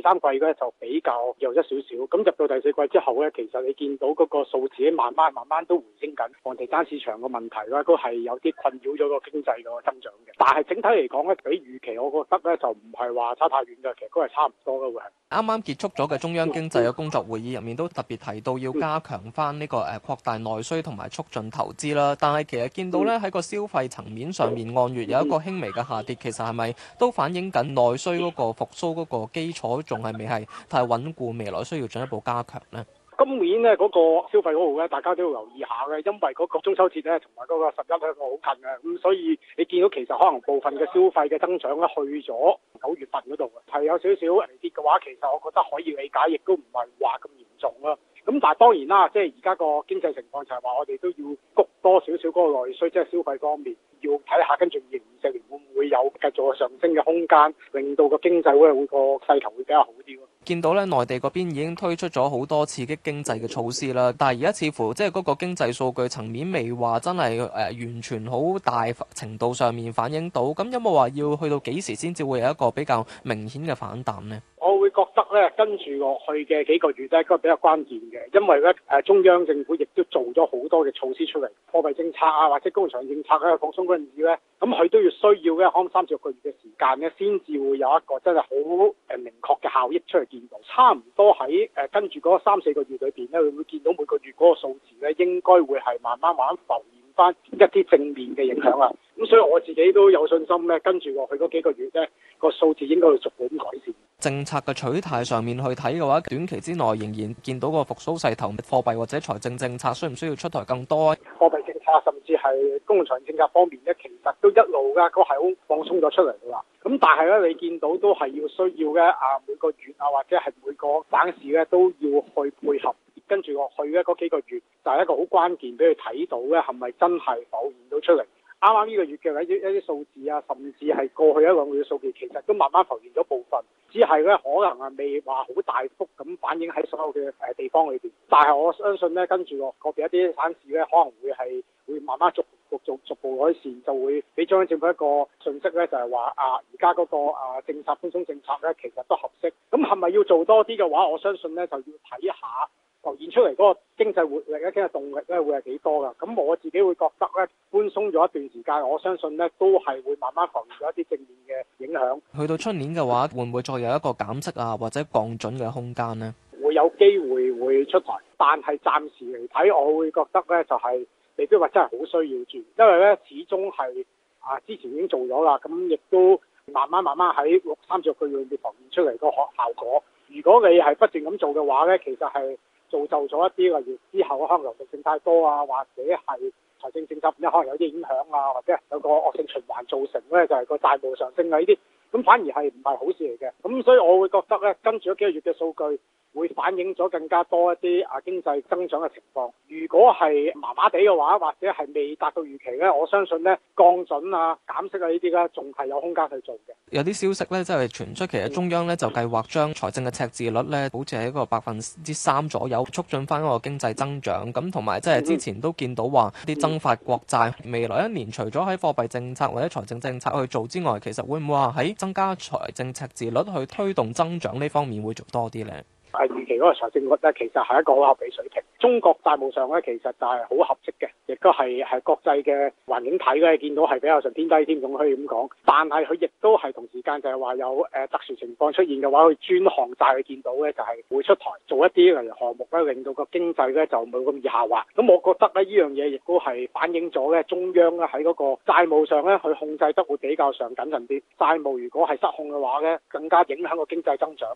第三季嗰咧就比較弱一少少，咁入到第四季之後咧，其實你見到嗰個數字慢慢慢慢都回升緊，房地產市場個問題啦，都係有啲困擾咗個經濟個增長嘅。但係整體嚟講咧，比預期我覺得咧就唔係話差太遠嘅，其實都係差唔多嘅會係。啱啱結束咗嘅中央經濟嘅工作會議入面都特別提到要加強翻呢個誒擴大內需同埋促進投資啦。但係其實見到咧喺個消費層面上面按月有一個輕微嘅下跌，其實係咪都反映緊內需嗰個復甦嗰個基礎，仲係未係太穩固，未來需要進一步加強咧。今年咧嗰個消費嗰度咧，大家都要留意下嘅，因為嗰個中秋節咧同埋嗰個十一慶祝好近嘅，咁所以你見到其實可能部分嘅消費嘅增長咧去咗九月份嗰度嘅，係有少少跌嘅話，其實我覺得可以理解，亦都唔係話咁嚴重啦。咁但係當然啦，即係而家個經濟情況就係話我哋都要谷多少少嗰個內需，即係消費方面要睇下跟住二零二四年。繼續上升嘅空間，令到個經濟會會個勢頭會比較好啲。見到咧，內地嗰邊已經推出咗好多刺激經濟嘅措施啦。但係而家似乎即係嗰個經濟數據層面未話真係誒、呃、完全好大程度上面反映到。咁有冇話要去到幾時先至會有一個比較明顯嘅反彈呢？哦咧跟住落去嘅幾個月咧，都係比較關鍵嘅，因為咧誒、呃、中央政府亦都做咗好多嘅措施出嚟，貨幣政策啊，或者工商政策喺度放鬆嗰陣時咧，咁佢、啊啊、都要需要嘅，可能三至六個月嘅時間咧，先至會有一個真係好誒明確嘅效益出嚟見到。差唔多喺誒、呃、跟住嗰三四個月裏邊咧，會見到每個月嗰個數字咧，應該會係慢慢慢慢浮現翻一啲正面嘅影響啊。咁所以我自己都有信心咧，跟住落去嗰幾個月咧，個數字應該會逐步咁改善。政策嘅取態上面去睇嘅話，短期之內仍然見到個復甦勢頭，貨幣或者財政政策需唔需要出台更多貨幣政策，甚至係公共財政政策方面咧，其實都一路嘅，都係好放鬆咗出嚟嘅啦。咁但係咧，你見到都係要需要嘅啊，每個月啊，或者係每個省市咧都要去配合，跟住落去咧嗰幾個月就係一個好關鍵，俾佢睇到咧係咪真係表現到出嚟。啱啱呢個月嘅一啲一啲數字啊，甚至係過去一兩個月嘅數據，其實都慢慢浮現咗部分，只係咧可能係未話好大幅咁反映喺所有嘅誒地方裏邊。但係我相信咧，跟住落個別一啲省市咧，可能會係會慢慢逐逐逐步改善，就會俾中央政府一個訊息咧，就係話啊，而家嗰個啊政策寬鬆政策咧，其實都合適。咁係咪要做多啲嘅話，我相信咧就要睇下。浮現出嚟嗰個經濟活力咧，經濟動力咧會係幾多噶？咁我自己會覺得咧，寬鬆咗一段時間，我相信咧都係會慢慢浮現咗一啲正面嘅影響。去到出年嘅話，會唔會再有一個減息啊，或者降準嘅空間呢？會有機會會出台，但係暫時嚟睇，我會覺得咧就係、是、未必話真係好需要住，因為咧始終係啊之前已經做咗啦，咁亦都慢慢慢慢喺六三個月裡面浮現出嚟個效效果。如果你係不斷咁做嘅話咧，其實係。造就咗一啲例如之後可能流動性太多啊，或者係財政政策唔知可能有啲影響啊，或者有個惡性循環造成咧，就係、是、個大步上升啊呢啲，咁反而係唔係好事嚟嘅，咁所以我會覺得咧，跟住嗰幾個月嘅數據。會反映咗更加多一啲啊經濟增長嘅情況。如果係麻麻地嘅話，或者係未達到預期咧，我相信咧降準啊、減息啊呢啲咧，仲係有空間去做嘅。有啲消息咧，即係傳出，其實中央咧就計劃將財政嘅赤字率咧，保持喺一個百分之三左右，促進翻嗰個經濟增長。咁同埋即係之前都見到話啲增發國債，未來一年除咗喺貨幣政策或者財政政策去做之外，其實會唔會話喺增加財政赤字率去推動增長呢方面會做多啲咧？誒，預期嗰個財政率咧，其實係一個好合理水平。中國債務上咧，其實就係好合適嘅，亦都係係國際嘅環境睇咧，見到係比較上偏低添，咁可以咁講。但係佢亦都係同時間就係話有誒、呃、特殊情況出現嘅話，佢專項債佢見到咧就係、是、會出台做一啲例如項目咧，令到個經濟咧就冇咁易下滑。咁我覺得咧呢樣嘢亦都係反映咗咧中央咧喺嗰個債務上咧，佢控制得會比較上謹慎啲。債務如果係失控嘅話咧，更加影響個經濟增長。